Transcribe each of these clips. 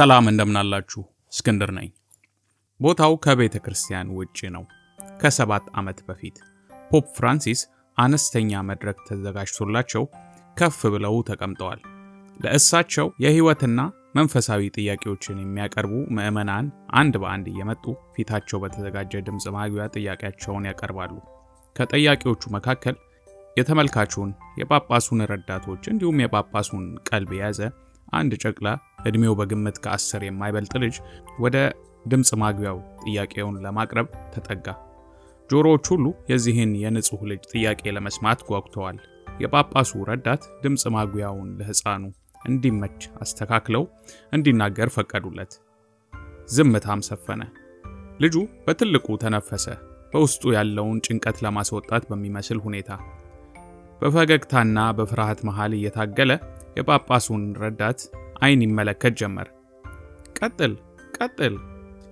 ሰላም እንደምናላችሁ፣ እስክንድር ነኝ። ቦታው ከቤተ ክርስቲያን ውጭ ነው። ከሰባት ዓመት በፊት ፖፕ ፍራንሲስ አነስተኛ መድረክ ተዘጋጅቶላቸው ከፍ ብለው ተቀምጠዋል። ለእሳቸው የሕይወትና መንፈሳዊ ጥያቄዎችን የሚያቀርቡ ምዕመናን አንድ በአንድ እየመጡ ፊታቸው በተዘጋጀ ድምፅ ማጉያ ጥያቄያቸውን ያቀርባሉ። ከጠያቂዎቹ መካከል የተመልካቹን፣ የጳጳሱን ረዳቶች እንዲሁም የጳጳሱን ቀልብ የያዘ አንድ ጨቅላ እድሜው በግምት ከአስር የማይበልጥ ልጅ ወደ ድምፅ ማጉያው ጥያቄውን ለማቅረብ ተጠጋ። ጆሮዎች ሁሉ የዚህን የንጹሕ ልጅ ጥያቄ ለመስማት ጓጉተዋል። የጳጳሱ ረዳት ድምፅ ማጉያውን ለሕፃኑ እንዲመች አስተካክለው እንዲናገር ፈቀዱለት። ዝምታም ሰፈነ። ልጁ በትልቁ ተነፈሰ፣ በውስጡ ያለውን ጭንቀት ለማስወጣት በሚመስል ሁኔታ። በፈገግታና በፍርሃት መሃል እየታገለ የጳጳሱን ረዳት አይን ይመለከት ጀመር። ቀጥል ቀጥል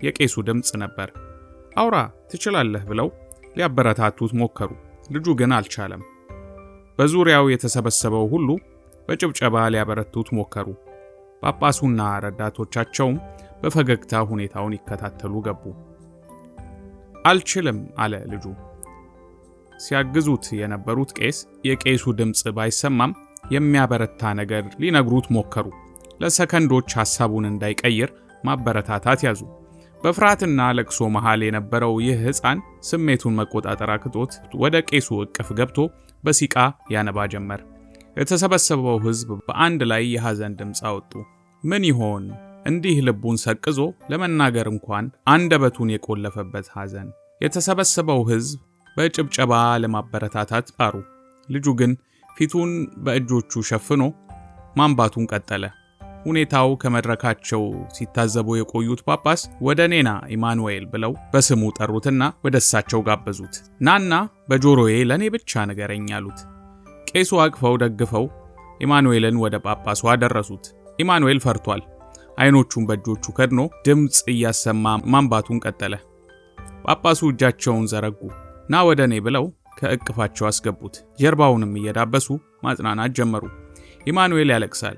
የቄሱ ድምፅ ነበር። አውራ ትችላለህ ብለው ሊያበረታቱት ሞከሩ። ልጁ ግን አልቻለም። በዙሪያው የተሰበሰበው ሁሉ በጭብጨባ ሊያበረቱት ሞከሩ። ጳጳሱና ረዳቶቻቸውም በፈገግታ ሁኔታውን ይከታተሉ ገቡ። አልችልም አለ ልጁ። ሲያግዙት የነበሩት ቄስ የቄሱ ድምፅ ባይሰማም የሚያበረታ ነገር ሊነግሩት ሞከሩ። ለሰከንዶች ሐሳቡን እንዳይቀይር ማበረታታት ያዙ። በፍርሃትና ለቅሶ መሃል የነበረው ይህ ሕፃን ስሜቱን መቆጣጠር አቅቶት ወደ ቄሱ እቅፍ ገብቶ በሲቃ ያነባ ጀመር። የተሰበሰበው ሕዝብ በአንድ ላይ የሐዘን ድምፅ አወጡ። ምን ይሆን እንዲህ ልቡን ሰቅዞ ለመናገር እንኳን አንደበቱን የቆለፈበት ሐዘን። የተሰበሰበው ሕዝብ በጭብጨባ ለማበረታታት ጣሩ። ልጁ ግን ፊቱን በእጆቹ ሸፍኖ ማንባቱን ቀጠለ። ሁኔታው ከመድረካቸው ሲታዘቡ የቆዩት ጳጳስ ወደ ኔና ኢማኑኤል ብለው በስሙ ጠሩትና ወደ እሳቸው ጋበዙት። ናና በጆሮዬ ለእኔ ብቻ ንገረኝ አሉት። ቄሱ አቅፈው ደግፈው ኢማኑኤልን ወደ ጳጳሱ አደረሱት። ኢማኑኤል ፈርቷል። አይኖቹን በእጆቹ ከድኖ ድምፅ እያሰማ ማንባቱን ቀጠለ። ጳጳሱ እጃቸውን ዘረጉ። ና ወደ እኔ ብለው ከእቅፋቸው አስገቡት። ጀርባውንም እየዳበሱ ማጽናናት ጀመሩ። ኢማኑኤል ያለቅሳል፣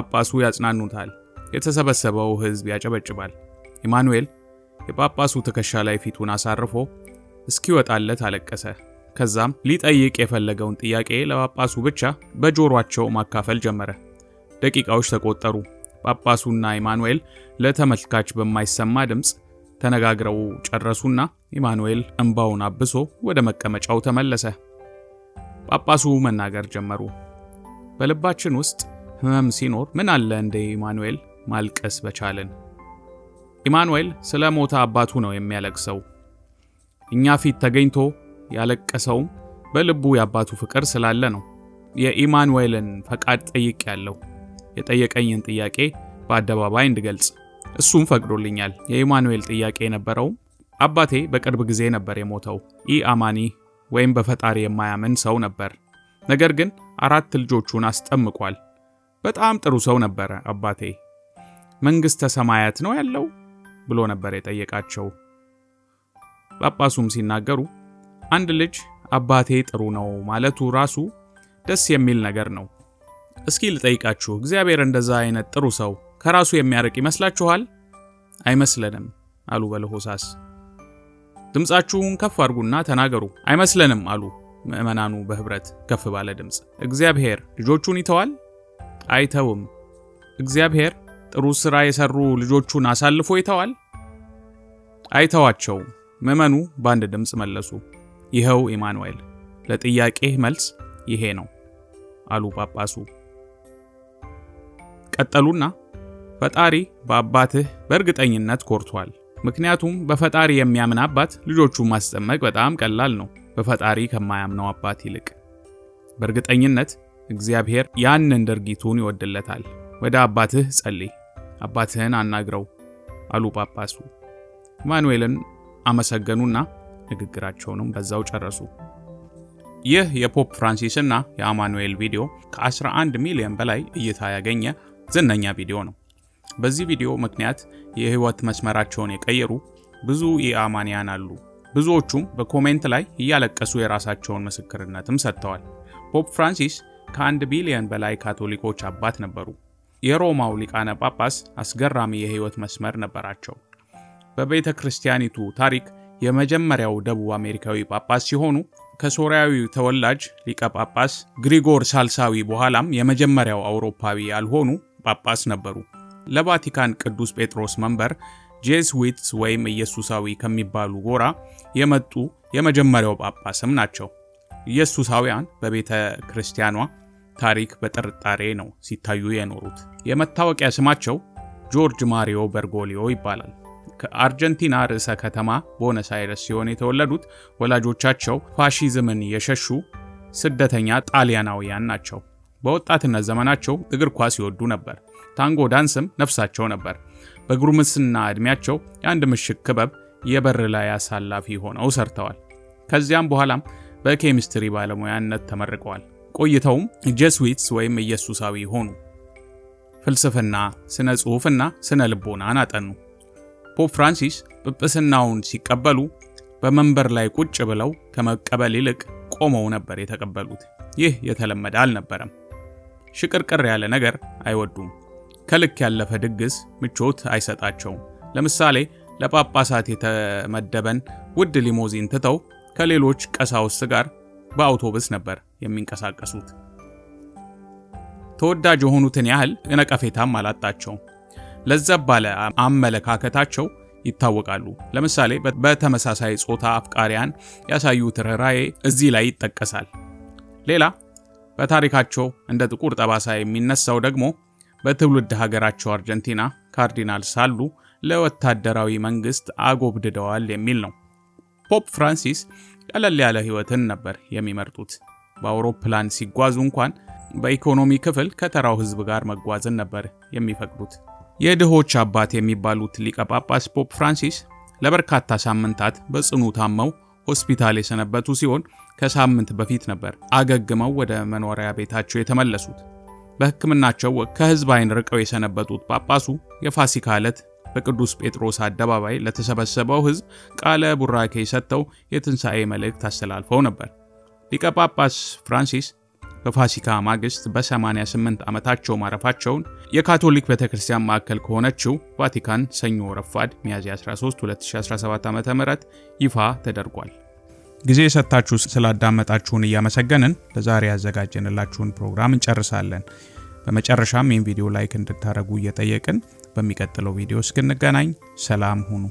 ጳጳሱ ያጽናኑታል፣ የተሰበሰበው ሕዝብ ያጨበጭባል። ኢማኑኤል የጳጳሱ ትከሻ ላይ ፊቱን አሳርፎ እስኪወጣለት አለቀሰ። ከዛም ሊጠይቅ የፈለገውን ጥያቄ ለጳጳሱ ብቻ በጆሯቸው ማካፈል ጀመረ። ደቂቃዎች ተቆጠሩ። ጳጳሱና ኢማኑኤል ለተመልካች በማይሰማ ድምፅ ተነጋግረው ጨረሱና ኢማኑኤል እንባውን አብሶ ወደ መቀመጫው ተመለሰ። ጳጳሱ መናገር ጀመሩ። በልባችን ውስጥ ህመም ሲኖር ምን አለ እንደ ኢማኑኤል ማልቀስ በቻልን። ኢማኑኤል ስለ ሞተ አባቱ ነው የሚያለቅሰው። እኛ ፊት ተገኝቶ ያለቀሰውም በልቡ የአባቱ ፍቅር ስላለ ነው። የኢማኑኤልን ፈቃድ ያለው የጠየቀኝን ጥያቄ በአደባባይ እንድገልጽ እሱም ፈቅዶልኛል። የኢማኑኤል ጥያቄ የነበረው አባቴ በቅርብ ጊዜ ነበር የሞተው። ኢ አማኒ ወይም በፈጣሪ የማያምን ሰው ነበር። ነገር ግን አራት ልጆቹን አስጠምቋል። በጣም ጥሩ ሰው ነበረ አባቴ። መንግሥተ ሰማያት ነው ያለው ብሎ ነበር የጠየቃቸው። ጳጳሱም ሲናገሩ አንድ ልጅ አባቴ ጥሩ ነው ማለቱ ራሱ ደስ የሚል ነገር ነው። እስኪ ልጠይቃችሁ፣ እግዚአብሔር እንደዛ አይነት ጥሩ ሰው ከራሱ የሚያርቅ ይመስላችኋል? አይመስለንም አሉ በለሆሳስ። ድምፃችሁን ከፍ አድርጉና ተናገሩ። አይመስለንም አሉ ምዕመናኑ በህብረት ከፍ ባለ ድምፅ። እግዚአብሔር ልጆቹን ይተዋል? አይተውም። እግዚአብሔር ጥሩ ሥራ የሰሩ ልጆቹን አሳልፎ ይተዋል? አይተዋቸው ምዕመኑ በአንድ ድምፅ መለሱ። ይኸው ኢማኑኤል፣ ለጥያቄህ መልስ ይሄ ነው አሉ ጳጳሱ። ቀጠሉና ፈጣሪ በአባትህ በእርግጠኝነት ኮርቷል። ምክንያቱም በፈጣሪ የሚያምን አባት ልጆቹን ማስጠመቅ በጣም ቀላል ነው፣ በፈጣሪ ከማያምነው አባት ይልቅ። በእርግጠኝነት እግዚአብሔር ያንን ድርጊቱን ይወድለታል። ወደ አባትህ ጸልይ፣ አባትህን አናግረው አሉ ጳጳሱ። ማኑኤልን አመሰገኑና ንግግራቸውንም በዛው ጨረሱ። ይህ የፖፕ ፍራንሲስና የአማኑኤል ቪዲዮ ከ11 ሚሊዮን በላይ እይታ ያገኘ ዝነኛ ቪዲዮ ነው። በዚህ ቪዲዮ ምክንያት የህይወት መስመራቸውን የቀየሩ ብዙ የአማንያን አሉ። ብዙዎቹም በኮሜንት ላይ እያለቀሱ የራሳቸውን ምስክርነትም ሰጥተዋል። ፖፕ ፍራንሲስ ከአንድ ቢሊዮን በላይ ካቶሊኮች አባት ነበሩ። የሮማው ሊቃነ ጳጳስ አስገራሚ የህይወት መስመር ነበራቸው። በቤተ ክርስቲያኒቱ ታሪክ የመጀመሪያው ደቡብ አሜሪካዊ ጳጳስ ሲሆኑ ከሶሪያዊው ተወላጅ ሊቀ ጳጳስ ግሪጎር ሳልሳዊ በኋላም የመጀመሪያው አውሮፓዊ ያልሆኑ ጳጳስ ነበሩ። ለቫቲካን ቅዱስ ጴጥሮስ መንበር ጄስዊትስ ወይም ኢየሱሳዊ ከሚባሉ ጎራ የመጡ የመጀመሪያው ጳጳስም ናቸው። ኢየሱሳውያን በቤተ ክርስቲያኗ ታሪክ በጥርጣሬ ነው ሲታዩ የኖሩት። የመታወቂያ ስማቸው ጆርጅ ማሪዮ በርጎሊዮ ይባላል። ከአርጀንቲና ርዕሰ ከተማ ቦነስ አይረስ ሲሆን የተወለዱት ወላጆቻቸው ፋሺዝምን የሸሹ ስደተኛ ጣሊያናውያን ናቸው። በወጣትነት ዘመናቸው እግር ኳስ ይወዱ ነበር። ታንጎ ዳንስም ነፍሳቸው ነበር። በጉርምስና ዕድሜያቸው የአንድ ምሽግ ክበብ የበር ላይ አሳላፊ ሆነው ሰርተዋል። ከዚያም በኋላም በኬሚስትሪ ባለሙያነት ተመርቀዋል። ቆይተውም ጀስዊትስ ወይም ኢየሱሳዊ ሆኑ። ፍልስፍና፣ ስነ ጽሑፍና ስነ ልቦናን አጠኑ። ፖፕ ፍራንሲስ ጵጵስናውን ሲቀበሉ በመንበር ላይ ቁጭ ብለው ከመቀበል ይልቅ ቆመው ነበር የተቀበሉት። ይህ የተለመደ አልነበረም። ሽቅርቅር ያለ ነገር አይወዱም። ከልክ ያለፈ ድግስ ምቾት አይሰጣቸውም። ለምሳሌ ለጳጳሳት የተመደበን ውድ ሊሞዚን ትተው ከሌሎች ቀሳውስት ጋር በአውቶቡስ ነበር የሚንቀሳቀሱት። ተወዳጅ የሆኑትን ያህል ነቀፌታም አላጣቸውም። ለዘብ ባለ አመለካከታቸው ይታወቃሉ። ለምሳሌ በተመሳሳይ ጾታ አፍቃሪያን ያሳዩት ርኅራዬ እዚህ ላይ ይጠቀሳል። ሌላ በታሪካቸው እንደ ጥቁር ጠባሳ የሚነሳው ደግሞ በትውልድ ሀገራቸው አርጀንቲና ካርዲናል ሳሉ ለወታደራዊ መንግስት አጎብድደዋል የሚል ነው። ፖፕ ፍራንሲስ ቀለል ያለ ህይወትን ነበር የሚመርጡት። በአውሮፕላን ሲጓዙ እንኳን በኢኮኖሚ ክፍል ከተራው ህዝብ ጋር መጓዝን ነበር የሚፈቅዱት። የድሆች አባት የሚባሉት ሊቀ ጳጳስ ፖፕ ፍራንሲስ ለበርካታ ሳምንታት በጽኑ ታመው ሆስፒታል የሰነበቱ ሲሆን ከሳምንት በፊት ነበር አገግመው ወደ መኖሪያ ቤታቸው የተመለሱት። በሕክምናቸው ከሕዝብ ዓይን ርቀው የሰነበቱት ጳጳሱ የፋሲካ ዕለት በቅዱስ ጴጥሮስ አደባባይ ለተሰበሰበው ሕዝብ ቃለ ቡራኬ ሰጥተው የትንሣኤ መልእክት አስተላልፈው ነበር። ሊቀ ጳጳስ ፍራንሲስ በፋሲካ ማግስት በ88 ዓመታቸው ማረፋቸውን የካቶሊክ ቤተክርስቲያን ማዕከል ከሆነችው ቫቲካን ሰኞ ረፋድ ሚያዝያ 13 2017 ም ይፋ ተደርጓል። ጊዜ የሰጣችሁ ስላዳመጣችሁን እያመሰገንን ለዛሬ ያዘጋጀንላችሁን ፕሮግራም እንጨርሳለን። በመጨረሻም ይህን ቪዲዮ ላይክ እንድታደረጉ እየጠየቅን በሚቀጥለው ቪዲዮ እስክንገናኝ ሰላም ሁኑ።